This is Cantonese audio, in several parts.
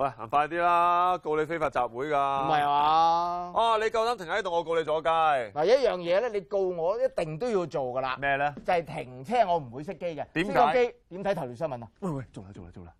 喂，行快啲啦！告你非法集會噶，唔係嘛？啊，你夠膽停喺度，我告你阻街。嗱、啊，一樣嘢咧，你告我一定都要做噶啦。咩咧？就係、是、停車，我唔會熄機嘅。點解？熄咗機，點睇頭條新聞啊？喂喂，做啦做啦做啦！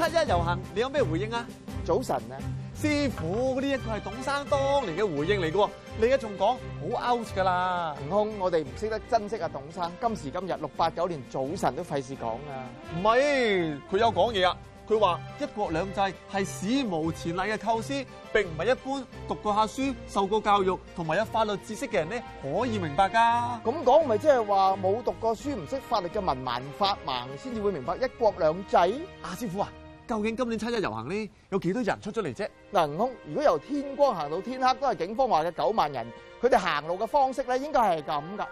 七一遊行，你有咩回應啊？早晨啊，師父，呢一句係董生當年嘅回應嚟嘅喎。你而家仲講好 out 噶啦！悟空，我哋唔識得珍惜啊董生。今時今日，六八九年，早晨都費事講啊！唔係，佢有講嘢啊！佢話一國兩制係史無前例嘅構思，並唔係一般讀過下書、受過教育同埋有法律知識嘅人咧可以明白㗎。咁講咪即係話冇讀過書、唔識法律嘅文盲、法盲先至會明白一國兩制啊？師父啊！究竟今年七一遊行咧，有幾多人出咗嚟啫？嗱，悟空，如果由天光行到天黑，都係警方話嘅九萬人，佢哋行路嘅方式咧，應該係咁噶。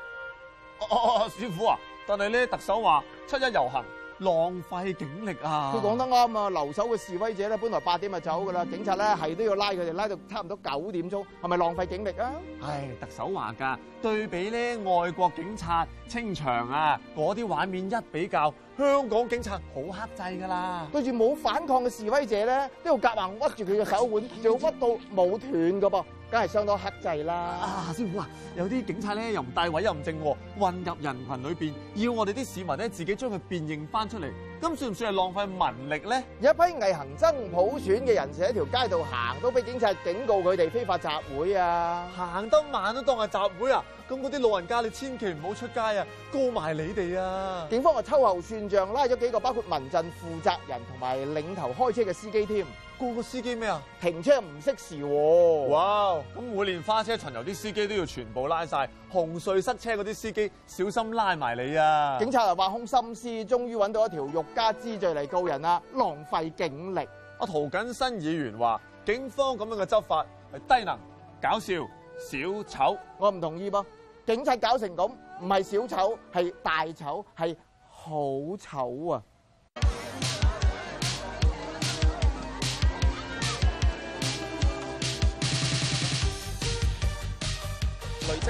哦，師傅啊，但係咧特首話七一遊行浪費警力啊。佢講得啱啊，留守嘅示威者咧，本來八點就走噶啦，警察咧係都要拉佢哋，拉到差唔多九點鐘，係咪浪費警力啊？唉，特首話噶，對比咧外國警察清場啊，嗰啲畫面一比較。香港警察好克制㗎啦，嗯，對住冇反抗嘅示威者呢，都要夾硬屈住佢嘅手腕，仲屈到冇斷㗎噃，梗係相當克制啦。啊，師父啊，有啲警察呢，又唔帶委任證，混入人群裏邊，要我哋啲市民呢，自己將佢辨認翻出嚟。咁算唔算係浪費民力呢？有一批偽行爭普選嘅人士喺條街度行，都俾警察警告佢哋非法集會啊！行得慢都當係集會啊！咁嗰啲老人家，你千祈唔好出街啊！告埋你哋啊！警方就秋後算帳，拉咗幾個包括民陣負責人同埋領頭開車嘅司機添、啊。個個司機咩啊？停車唔識時喎！哇！咁每年花車巡遊啲司機都要全部拉晒，紅隧塞車嗰啲司機小心拉埋你啊！警察又挖空心思，終於揾到一條欲加之罪嚟告人啦！浪費警力。阿涂謹申議員話：警方咁樣嘅執法係低能、搞笑、小丑。我唔同意噃，警察搞成咁，唔係小丑，係大丑，係好醜啊！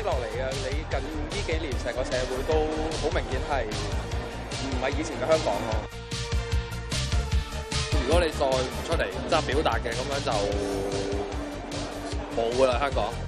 落嚟啊！你近呢幾年成個社會都好明顯係唔係以前嘅香港咯。如果你再唔出嚟，唔識表達嘅咁樣就冇啦，香港。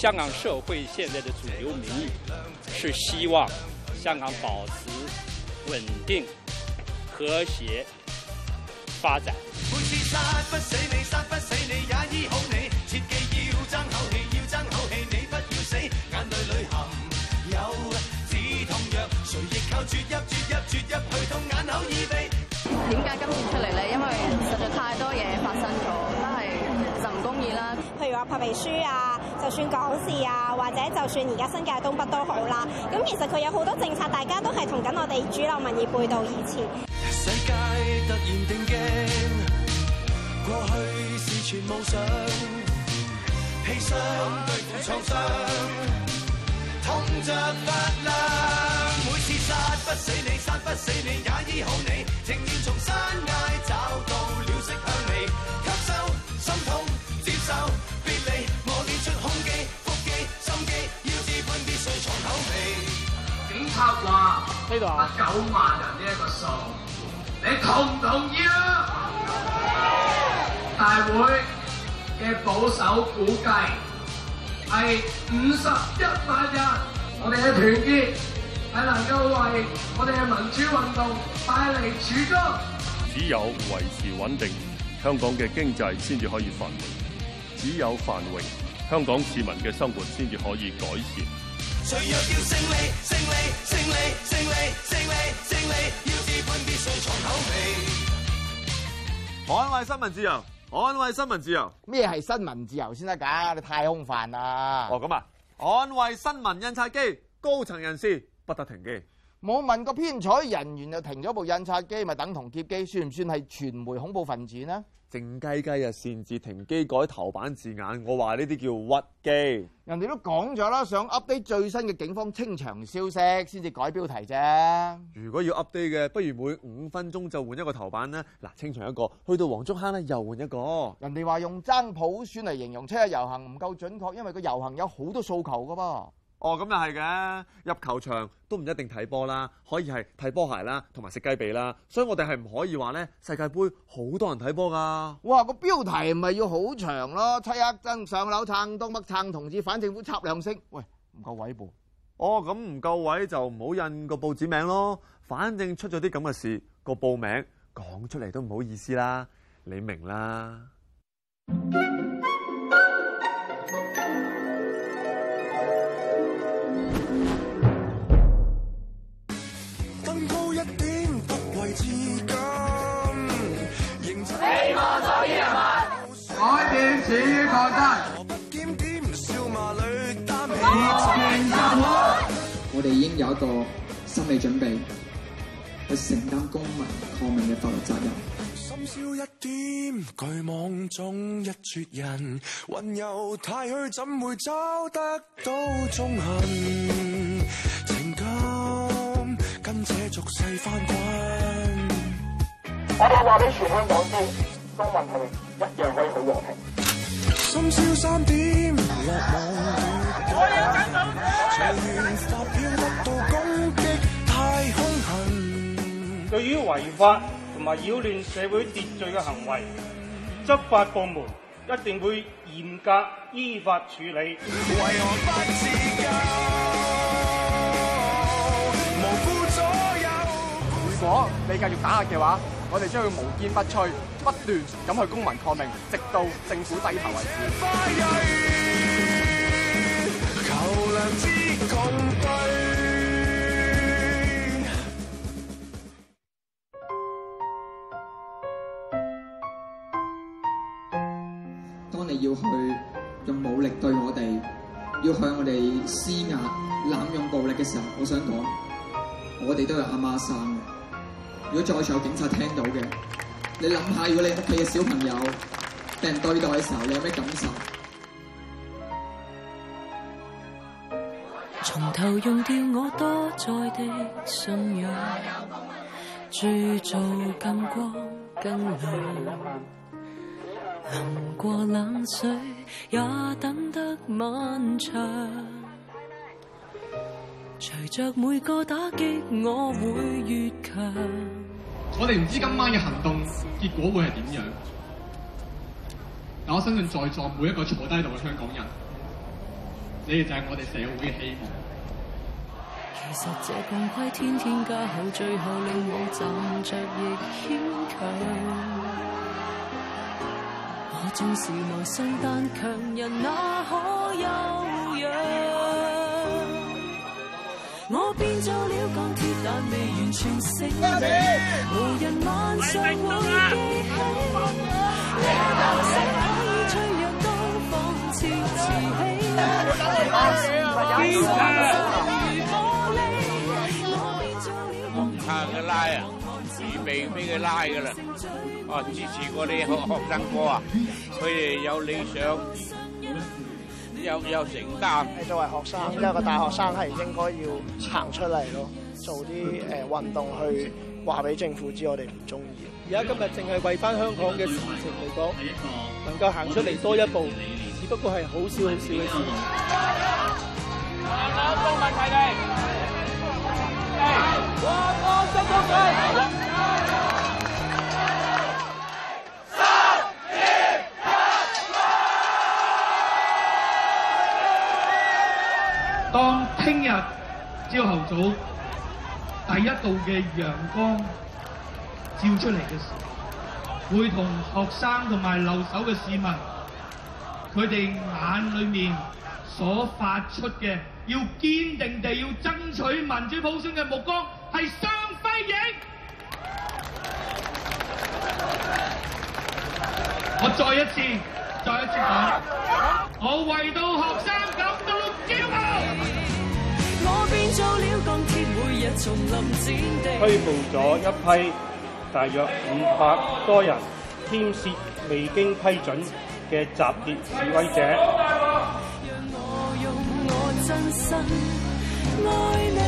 香港社會現在的主流民意是希望香港保持穩定、和諧發展。點解今次出嚟咧？因為實在太多嘢發生咗。啦譬如話，白皮書啊，就算港視啊，或者就算而家新界東北都好啦。咁其實佢有好多政策大家都係同緊我哋主流民意背道而馳。世界突然定驚過去事全無想悲傷，對住創傷痛着發亮每次殺不死你殺不死你也醫好你八九萬人呢一個數，你同唔同意啊？大會嘅保守估計係五十一萬人，我哋嘅團結係能夠為我哋嘅民主運動帶嚟主張。只有維持穩定，香港嘅經濟先至可以繁榮；只有繁榮，香港市民嘅生活先至可以改善。所以要叫勝利勝利勝利勝利勝利勝利，勝利要自分必須重口味，捍衛新聞自由，捍衛新聞自由，咩係新聞自由先得㗎？你太空泛啦。哦，咁啊，捍衛新聞印刷機，高層人士不得停機冇問過編採人員就停咗部印刷機，咪等同劫機，算唔算係傳媒恐怖分子呢？靜雞雞又擅自停機改頭版字眼，我話呢啲叫屈機。人哋都講咗啦，想 update 最新嘅警方清場消息先至改標題啫。如果要 update 嘅，不如每五分鐘就換一個頭版啦。嗱，清場一個，去到黃竹坑咧又換一個。人哋話用爭普選嚟形容七一遊行唔夠準確，因為個遊行有好多訴求噶噃。哦，咁又係嘅，入球場都唔一定睇波啦，可以係睇波鞋啦，同埋食雞髀啦，所以我哋係唔可以話咧世界盃好多人睇波㗎。哇，個標題咪要好長咯，七一真上樓撐東北撐同志反政府插兩聲，喂，唔夠位噃。哦，咁唔夠位就唔好印個報紙名咯，反正出咗啲咁嘅事，個報名講出嚟都唔好意思啦，你明啦。有一個心理準備去承擔公民抗命嘅法律責任。深宵一點，巨網中一撮人，雲遊太虛，怎會找得到蹤痕？情感跟這俗世翻滾。我哋話俾全香港知，公民係一樣可以好和平。深宵三點，落網短訊。我要緊緊。對於違法同埋擾亂社會秩序嘅行為，執法部門一定會嚴格依法處理。如果你繼續打壓嘅話，我哋將會無堅不摧，不斷咁去公民抗命，直到政府低頭為止。當你要去用武力對我哋，要向我哋施壓、濫用暴力嘅時候，我想講，我哋都係阿媽生嘅。如果在場警察聽到嘅，你諗下，如果你屋企嘅小朋友被人對待嘅時候，你有咩感受？從頭熔掉我多載的信仰，鑄造更光更亮。淋過冷水也等得漫長，隨着每個打擊，我會越強。我哋唔知今晚嘅行動結果會係點樣，但我相信在座每一個坐低度嘅香港人，呢個就係我哋社會嘅希望。其實這痛快天天加厚，最後令我站着亦堅強。我縱是無心，但強人哪可休養？我變做了鋼鐵，但未完全成人。無人晚上會記起。我都想可以脆弱到彷似瓷器。拉啊，預備俾佢拉噶啦！啊，支持我啲學學生哥啊，佢哋有理想，有有承擔。誒，作為學生，一個大學生係應該要行出嚟咯，做啲誒運動去話俾政府知我哋唔中意。而家今日淨係為返香港嘅事情嚟講，能夠行出嚟多一步，只不過係好少好少嘅事。好，恭喜你！我光出足佢，三、二、一，當聽日朝頭早第一道嘅陽光照出嚟嘅時候，會同學生同埋留守嘅市民，佢哋眼裏面所發出嘅。要堅定地要爭取民主普選嘅目光係雙飛翼。 我再一次，再一次講， 我為到學生感到驕傲。我變做了鋼鐵，每日從林戰地。拘捕咗一批大約五百多人，牽涉未經批准嘅集結示威者。真心愛你。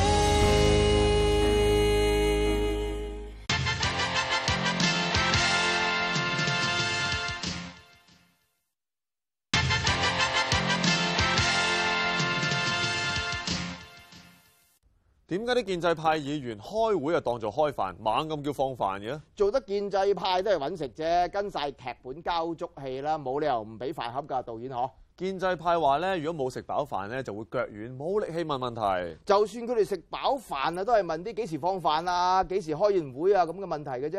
點解啲建制派議員開會啊，當做開飯，猛咁叫放飯嘅？做得建制派都係揾食啫，跟晒劇本交足戲啦，冇理由唔俾飯盒噶，導演嗬？建制派話咧，如果冇食飽飯咧，就會腳軟冇力氣問問題。就算佢哋食飽飯啊，都係問啲幾時放飯啊、幾時開完會啊咁嘅問題嘅啫。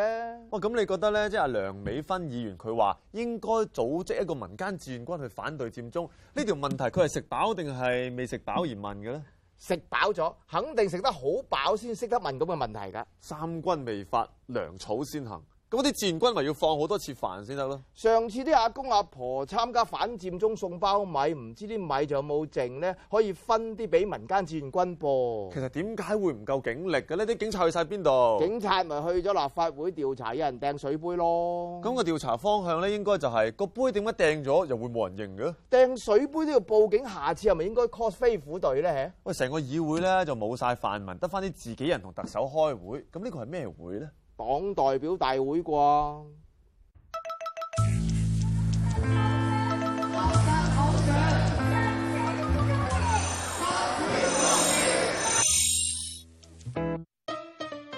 咁、哦、你覺得咧，即係阿梁美芬議員佢話應該組織一個民間志願軍去反對佔中呢條、這個、問題，佢係食飽定係未食飽而問嘅咧？食飽咗，肯定食得好飽先識得問咁嘅問題㗎。三軍未發，糧草先行。咁啲志願軍咪要放好多次飯先得咯？上次啲阿公阿婆參加反佔中送包米，唔知啲米仲有冇剩咧，可以分啲俾民間志願軍噃。其實點解會唔夠警力嘅呢？啲警察去晒邊度？警察咪去咗立法會調查，有人掟水杯咯。咁個調查方向咧，應該就係個杯點解掟咗，又會冇人認嘅？掟水杯都要報警，下次係咪應該 call 飛虎隊咧？喂！成個議會咧就冇晒泛民，得翻啲自己人同特首開會，咁呢個係咩會咧？黨代表大會啩？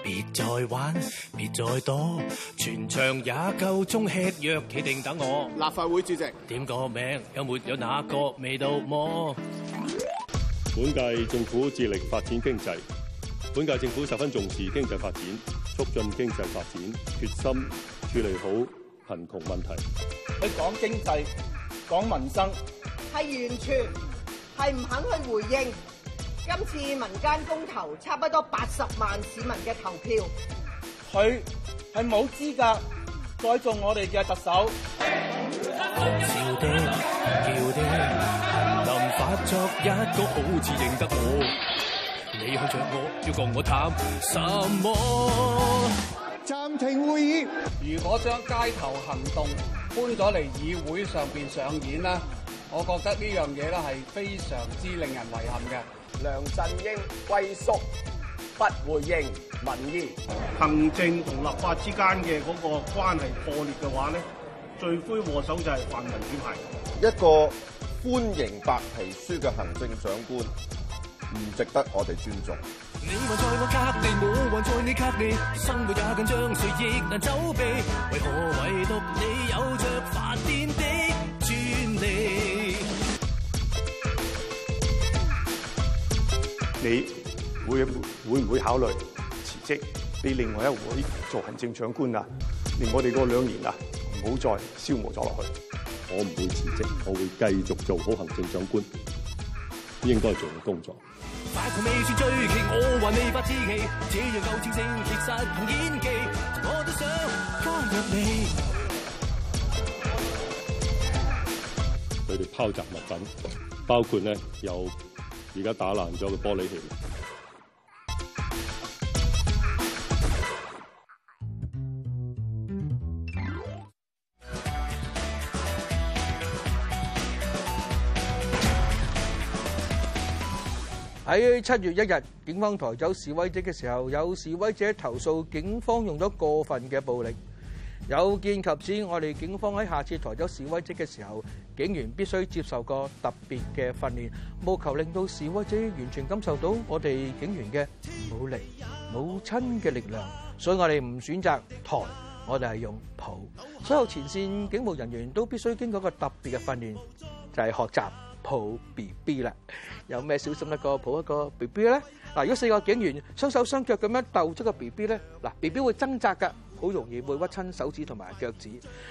別再玩，別再躲，全場也夠鐘吃藥，企定等我。立法會主席，點個名，有沒有哪個未到？麼？本屆政府致力發展經濟。本屆政府十分重視經濟發展，促進經濟發展，決心處理好貧窮問題。佢講經濟，講民生，係完全係唔肯去回應今次民間公投，差不多八十萬市民嘅投票，佢係冇資格再做我哋嘅特首。你去唱歌，要共我談什麼暫停會議？如果將街頭行動搬咗嚟議會上邊，上演啦，我覺得呢樣嘢咧係非常之令人遺憾嘅。梁振英歸宿不回應民意，行政同立法之間嘅嗰個關係破裂嘅話咧，罪魁禍首就係泛民主派。一個歡迎白皮書嘅行政長官。唔值得我哋尊重。你還在我隔離，我還在你隔離，生活也緊張，誰亦難走避。為何唯獨你有着發電的專利？你會會唔會考慮辭職，俾另外一位做行政長官啊？令我哋嗰兩年啊，唔好再消磨咗落去。我唔會辭職，我會繼續做好行政長官。應該做嘅工作。佢哋拋擲物品，包括咧有而家打爛咗嘅玻璃器。喺七月一日，警方抬走示威者嘅時候，有示威者投訴警方用咗過分嘅暴力。有見及此，我哋警方喺下次抬走示威者嘅時候，警員必須接受個特別嘅訓練，務求令到示威者完全感受到我哋警員嘅母力、母親嘅力量。所以我哋唔選擇抬，我哋係用抱。所有前綫警務人員都必須經過個特別嘅訓練，就係學習。抱 B B 啦，有咩小心得？個抱一個 B B 咧，嗱，如果四個警員雙手雙腳咁樣逗出個 B B 咧，嗱，B B 會掙扎㗎，好容易會屈親手指同埋腳趾。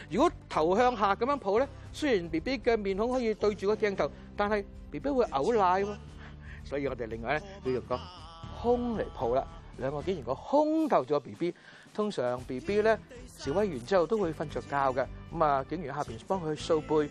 如果頭向下咁樣抱咧，雖然 B B 嘅面孔可以對住個鏡頭，但係 B B 會嘔奶喎。所以我哋另外咧要用個胸嚟抱啦，兩個警員個胸逗住個 B B，通常 B B 咧，示威完之後都會瞓著覺嘅。咁啊，警員喺下邊幫佢掃背。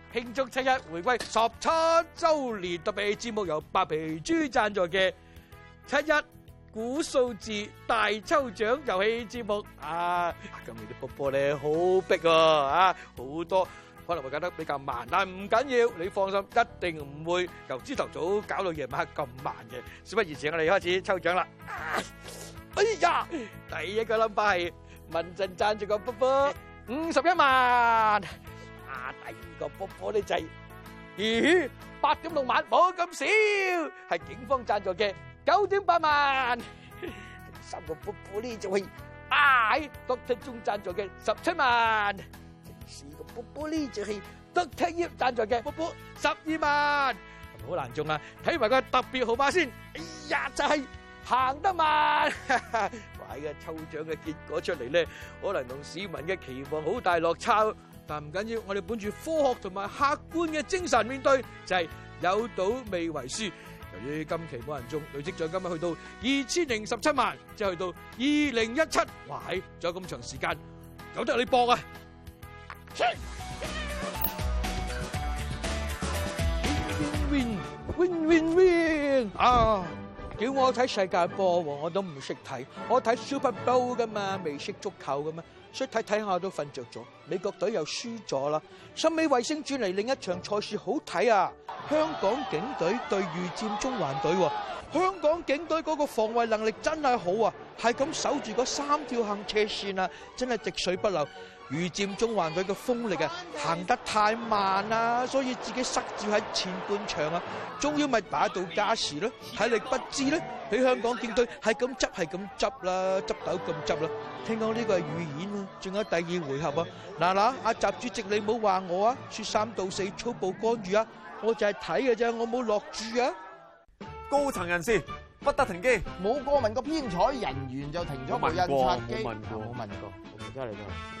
慶祝七一回歸十七周年特別節目，由白皮豬贊助嘅七一古數字大抽獎遊戲節目啊，今日啲波波咧好逼啊，好多可能會搞得比較慢，但係唔緊要，你放心，一定唔會由朝頭早搞到夜晚黑咁慢嘅。事不宜遲，我哋開始抽獎啦！哎呀，第一個 number 係文靜贊助嘅波波五十一萬。第二個波波呢就係，咦，八點六萬冇咁少，係警方讚助嘅九點八萬。第三個波波呢就係，唉，Dr. 鍾讚助嘅十七萬。第四個波波呢就係，Dr. 葉讚助嘅波波十二萬。好難中啊！睇埋個特別號碼先，哎呀就係行得慢。快嘅抽獎嘅結果出嚟咧，可能同市民嘅期望好大落差。但唔緊要，我哋本住科學同埋客觀嘅精神面對，就係有賭未為輸。由於今期冇人中，累積獎金啊，去到二千零十七萬，即係去到二零一七，哇！喺仲有咁長時間，有得你博啊！Win win win win win 啊！叫我睇世界波喎，我都唔識睇，我睇 Super Bowl 㗎嘛，未識足球㗎嘛。所以睇睇下都瞓着咗，美國隊又輸咗啦。心美衞星轉嚟另一場賽事好睇啊！香港警隊對預戰中環隊，啊，香港警隊嗰個防衛能力真係好啊，係咁守住嗰三條行車線啊，真係滴水不漏。預佔中環隊嘅風力啊，行得太慢啦，所以自己塞住喺前半場啊。終於咪擺到加時咯，體力不支咧，喺香港警隊係咁執係咁執啦，執到咁執啦。聽講呢個係預演喎，仲有第二回合喎。嗱嗱，阿習主席，你唔好話我啊，説三道四，粗暴干預啊！我就係睇嘅啫，我冇落注啊。高層人士不得停機，冇過問個編採人員就停咗部印刷機。冇問過，冇問過，冇問過，你真係嚟㗎。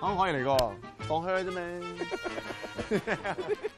可唔可以嚟個放靴啫咩？